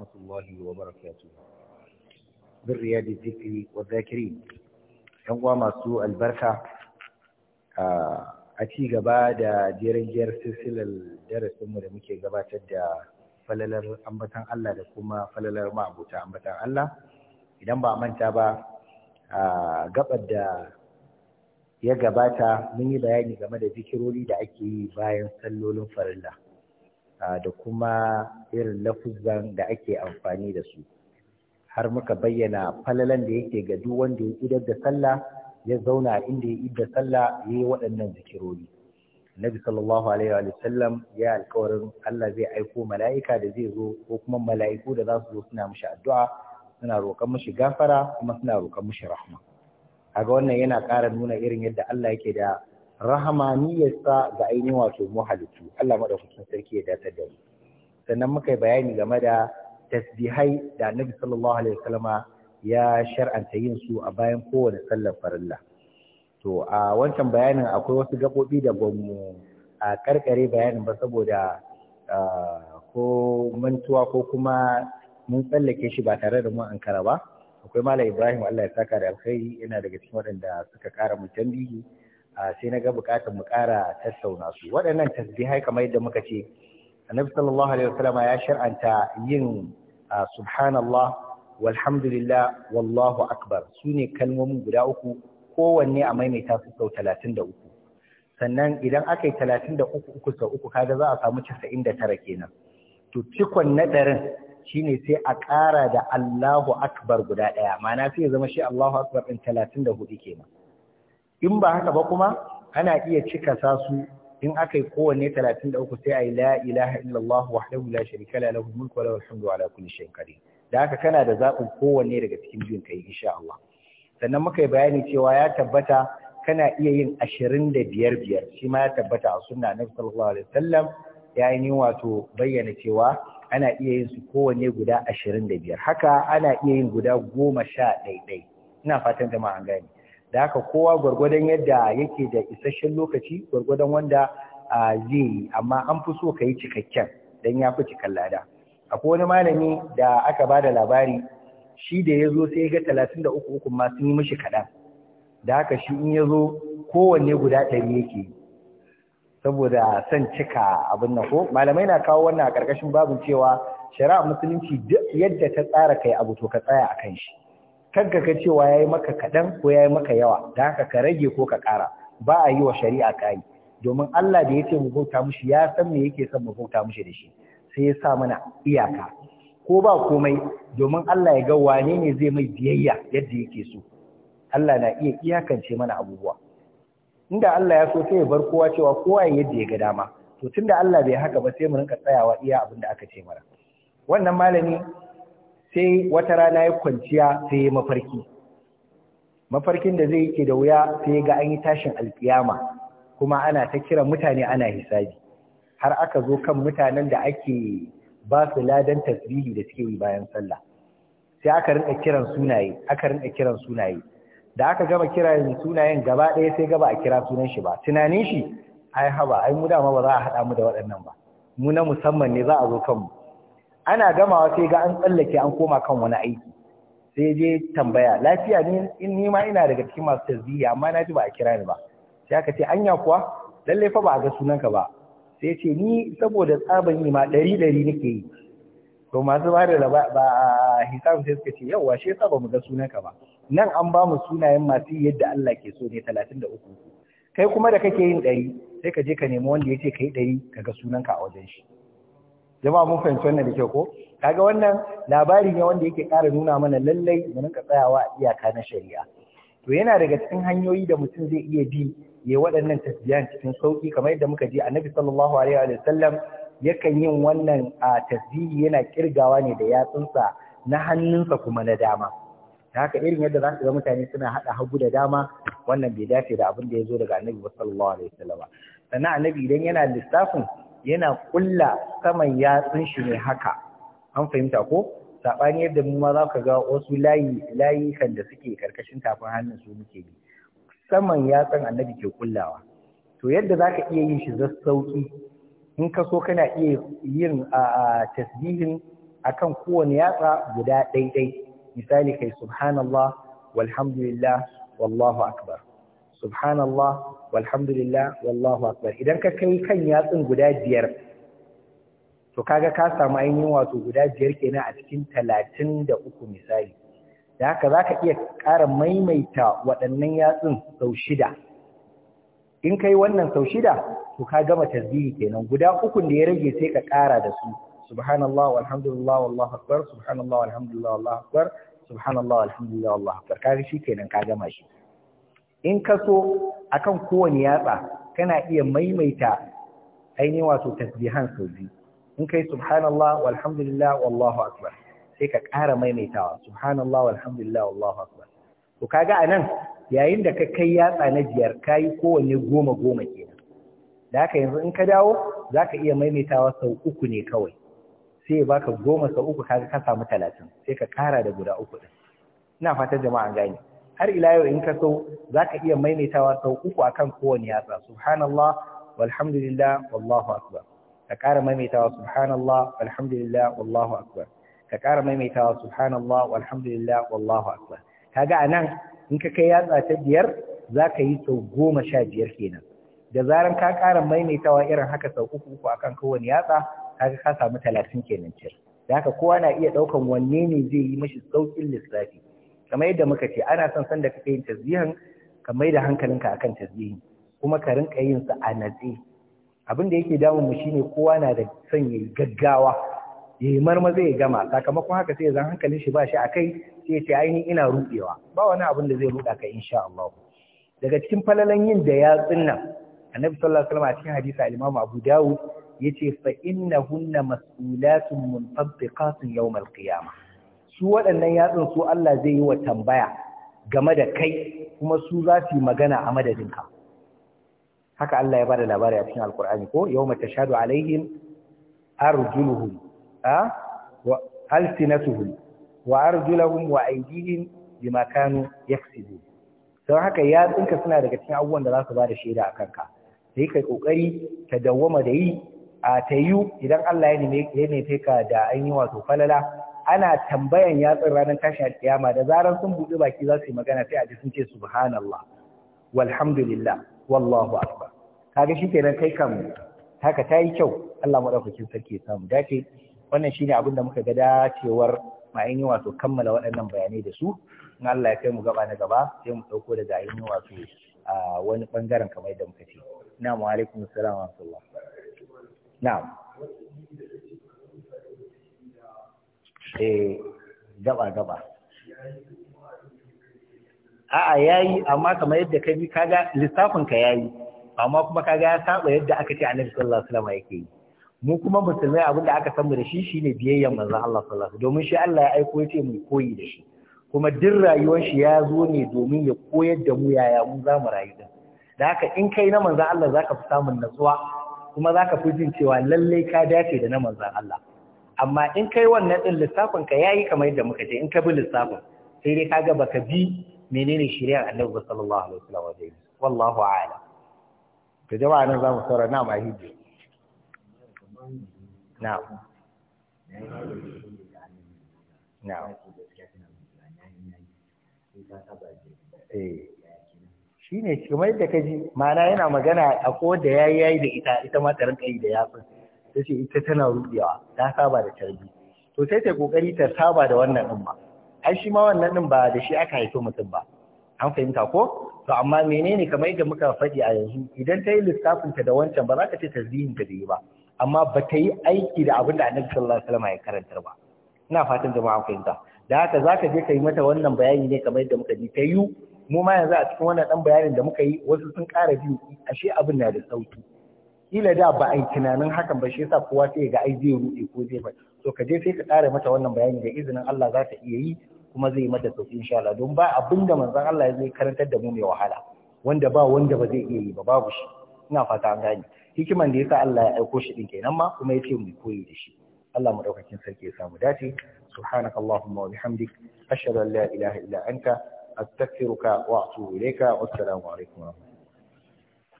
ورحمة الله وبركاته بالرياض الذكر والذاكرين يوم masu albarka a ci gaba da jerin-jerin silsilar darasinmu da muke gabatar da falalar ambatan Allah da kuma falalar ma'abota ambatan Allah idan ba a manta ba a da ya gabata mun yi bayani game da zikirori da ake yi bayan sallolin farilla da kuma irin lafuzan da ake amfani da su har muka bayyana falalan da yake ga duk wanda ya idar da sallah ya zauna inda ya idar sallah ya yi waɗannan zikirori Nabi sallallahu alaihi wa sallam ya alkawarin Allah zai aiko mala'ika da zai zo ko kuma mala'iku da za su zo suna mishi addu'a suna roƙon mishi gafara kuma suna roƙon mishi rahma kaga wannan yana ƙara nuna irin yadda Allah yake da rahamaniyarsa ga ainihin wato mu halittu Allah madaukakin sarki ya datar da mu sannan muka yi bayani game da tasbihai da annabi sallallahu alaihi wasallama ya shar'anta yin su a bayan kowane sallar farilla to a wancan bayanin akwai wasu gabobi da bamu a karkare bayanin ba saboda ko mantuwa ko kuma mun tsallake shi ba tare da mun ankara ba akwai malam ibrahim Allah ya saka da alkhairi yana daga cikin waɗanda suka kara mu tambihi sai na ga bukatar mu ƙara tattauna su waɗannan tasbihai kamar yadda muka ce annabi sallallahu alaihi wasallam ya shar'anta yin subhanallah walhamdulillah wallahu akbar sune kalmomin guda uku kowanne a maimaita su sau 33 sannan idan aka yi 33 uku sau uku kaga za a samu 99 kenan to cikon na ɗarin shine sai a ƙara da Allahu akbar guda ɗaya ma'ana sai ya zama shi Allahu akbar din 34 kenan in ba haka ba kuma ana iya cika sasu in aka yi kowanne uku sai a yi la ilaha illallah wahdahu la kala la lahu mulku wa lahu alhamdu ala kulli shay'in da haka kana da zaɓin kowanne daga cikin biyun yi insha Allah sannan muka yi bayani cewa ya tabbata kana iya yin 25 biyar shi ma ya tabbata a sunna na sallallahu alaihi wasallam ya yi wato bayyana cewa ana iya yin su kowanne guda ashirin 25 haka ana iya yin guda goma sha ɗaiɗai ina fatan jama'a an gane da haka kowa gwargwadon yadda yake da isasshen lokaci gwargwadon wanda zai yi amma an fi so ka yi cikakken don ya fi cikan lada akwai wani malami da aka ba da labari shi da ya zo sai ga talatin da uku uku ma sun yi mishi kaɗan da haka shi in ya zo kowanne guda ɗari yake saboda son cika abin nan ko malamai na kawo wannan a ƙarƙashin babin cewa shari'a musulunci duk yadda ta tsara kai abu to ka tsaya a kan shi kanka ka cewa yayi maka kaɗan ko yayi maka yawa da haka ka rage ko ka kara ba a yi wa shari'a kai domin Allah da ya ce mu bauta mushi ya san me yake son mu bauta mushi da shi sai ya sa mana iyaka ko ba komai domin Allah ya ga wane ne zai mai biyayya yadda yake so Allah na iya iyakance mana abubuwa inda Allah ya so sai ya bar kowa cewa kowa yadda ya ga dama to tunda Allah bai haka ba sai mu rinka tsayawa iya abin da aka ce mana wannan malami sai wata rana ya kwanciya sai ya mafarki mafarkin da zai yake da wuya sai ga an yi tashin alkiyama kuma ana ta kira mutane ana hisabi har aka zo kan mutanen da ake ba su ladan tasbihi da suke yi bayan sallah sai aka rinka kiran sunaye aka rinka kiran sunaye da aka gama kiran sunayen gaba ɗaya sai gaba a kira sunan shi ba tunanin shi ai haba ai mu dama ba za a haɗa mu da waɗannan ba mu na musamman ne za a zo kanmu ana gamawa sai ga an tsallake an koma kan wani aiki sai je tambaya lafiya ne in ni ma ina daga cikin masu tarbiyya amma na ji ba a kira ni ba sai aka ce anya kuwa lalle fa ba a ga sunanka ba sai ce ni saboda tsaban yi ma ɗari ɗari nake yi to masu ba da ba a hisab sai suka ce yauwa shi yasa ba mu ga sunanka ba nan an ba mu sunayen masu yadda Allah ke so ne talatin da uku kai kuma da kake yin ɗari sai ka je ka nemi wanda ya ce ka yi ɗari ka ga sunanka a wajen shi jama'a mun fahimci wannan da kyau ko kaga wannan labari ne wanda yake ƙara nuna mana lallai mu rinka tsayawa a iyaka na shari'a to yana daga cikin hanyoyi da mutum zai iya bi ya waɗannan tasbihan cikin sauki kamar yadda muka ji annabi sallallahu alaihi wa sallam yakan yin wannan a tasbihi yana kirgawa ne da yatsunsa na hannunsa kuma na dama haka irin yadda za su ga mutane suna haɗa hagu da dama wannan bai dace da abin da ya zo daga annabi sallallahu alaihi wasallam sannan annabi idan yana lissafin yana kulla saman yatsun shi ne haka an fahimta ko sabani yadda mu ma za ka ga wasu layi layi da suke karkashin tafin hannun su muke yi. saman yatsun annabi ke kullawa to yadda za ka iya yin shi za sauki in ka so kana iya yin tasbihin akan kowane yatsa guda ɗaiɗai misali kai subhanallah walhamdulillah wallahu akbar subhanallah walhamdulillah wallahu akbar idan ka kai kan yatsun guda biyar to kaga ka samu ainihin wato guda biyar kenan a cikin talatin da uku misali da haka za ka iya ƙara maimaita waɗannan yatsun sau shida in kai wannan sau shida to ka gama tasbihi kenan guda ukun da ya rage sai ka ƙara da su subhanallah walhamdulillah wallahu akbar subhanallah walhamdulillah wallahu akbar subhanallah walhamdulillah wallahu akbar kaga shi kenan ka gama shi in ka so akan kowane yatsa kana iya maimaita ainihin wato tasbihan sau In in kai subhanallah walhamdulillah wallahu akbar sai ka ƙara maimaitawa subhanallah walhamdulillah wallahu akbar to kaga anan yayin da ka kai yatsa na biyar kayi kowanne goma goma kenan da haka yanzu in ka dawo za ka iya maimaitawa sau uku ne kawai sai ya baka goma sau uku kaga ka samu talatin sai ka ƙara da guda uku ɗin. ina fatan jama'a gane har ila yau in ka so ka iya maimaitawa sau uku akan kowane yatsa subhanallah walhamdulillah wallahu akbar ka ƙara maimaitawa subhanallah walhamdulillah wallahu akbar ka ƙara maimaitawa subhanallah walhamdulillah wallahu akbar kaga anan in ka kai yatsa ta biyar za ka yi sau goma sha biyar kenan da zaran ka ƙara maimaitawa irin haka sau uku uku akan kowane yatsa kaga ka samu talatin kenan cir da haka kowa na iya ɗaukan wanne ne zai yi mashi sauƙin lissafi kamar yadda muka ce ana son sanda kake yin tasbihin ka mai da hankalinka akan tasbihin kuma ka rinka yin sa a natse abin da yake damun mu shine kowa na da son yayi gaggawa yayi marmaza ya gama sakamakon haka sai zan hankalin shi ba shi akai sai ya ce ainihin ina rubewa ba wani abin da zai ruda ka insha Allah daga cikin falalan yin da ya nan annabi sallallahu alaihi wasallam a cikin hadisi al-Imam Abu Dawud yace fa innahunna mas'ulatun muntabiqatun yawm al-qiyamah su waɗannan yatsun su Allah zai yi wa tambaya game da kai kuma su za su yi magana a madadinka haka Allah ya bada labari a cikin alkur'ani ko yawma tashhadu alaihim arjuluhum a wa alsinatuhum wa arjuluhum wa aydihim bima kanu yaksibun don haka yatsunka suna daga cikin abubuwan da za su bada shaida a kanka sai kai kokari ta dawwama da yi a tayu idan Allah ya ne ya ka da an yi wato falala ana tambayan yatsun ranar a alkiyama da zarar sun buɗe baki za su yi magana sai a ji sun ce subhanallah walhamdulillah wallahu akbar kaga shikenan kai kan haka tayi kyau Allah madaukakin sarki ya samu dace wannan shine abin da muka ga dacewar ma'aini wato kammala waɗannan bayanai da su in Allah ya kai mu gaba na gaba sai mu dauko daga ainihin wato wani bangaren kamar yadda muka ce na'am wa alaikum wa rahmatullah na'am Eh, gaba gaba a'a yi, amma kamar yadda ka bi kaga lissafin ka yayi amma kuma kaga ya saba yadda aka ce Annabi sallallahu alaihi wasallam yake yi mu kuma musulmai abin da aka san mu da shi shine biyayyan manzon Allah sallallahu alaihi domin shi Allah ya aiko yace mu koyi da shi kuma duk rayuwar shi ya zo ne domin ya koyar da mu yaya mu za mu rayu din da haka in kai na manzon Allah zaka fi samun natsuwa kuma zaka fi jin cewa lalle ka dace da na manzon Allah amma in kai wannan ɗin lissafin ka yayi kamar yadda muka ce in ka bi lissafin sai dai kaga baka bi menene shari'ar Annabi sallallahu alaihi wasallam wajen wallahu a'ala to jama'a nan zamu saura na ma hiji na na eh. shine kamar yadda ka ji mana yana magana a ko da yayi yayi da ita ita ma ta rinka yi da yatsun ta ce ita tana ruɗewa, ta saba da tarbi. to sai ta kokari ta saba da wannan din ba ai shi ma wannan din ba da shi aka haifo mutum ba an fahimta ko to amma menene kamar yadda muka faɗi a yanzu idan ta yi lissafin ta da wancan ba za ka ce tasbihin ta da yi ba amma ba ta yi aiki da abin da annabi sallallahu alaihi wasallam ya karantar ba ina fatan jama'a an fahimta da haka za ka je ka yi mata wannan bayani ne kamar yadda muka ji ta yi mu ma yanzu a cikin wannan dan bayanin da muka yi wasu sun ƙara biyu ashe abin na da sauki kila da ba a tunanin hakan ba shi yasa kowa sai ga ai zai ruɗe ko zai bai to ka je sai ka ƙara mata wannan bayani da izinin Allah za ta iya yi kuma zai mata sauki insha Allah don ba abin da manzon Allah ya zai karantar da mu mai wahala wanda ba wanda ba zai iya yi ba babu shi ina fata an gane hikiman da yasa Allah ya aiko shi din kenan ma kuma yace mu koyi da shi Allah mu daukakin sarki ya samu dace subhanakallahumma wa bihamdik ashhadu an la ilaha illa anta astaghfiruka wa atubu ilayka wassalamu alaikum wa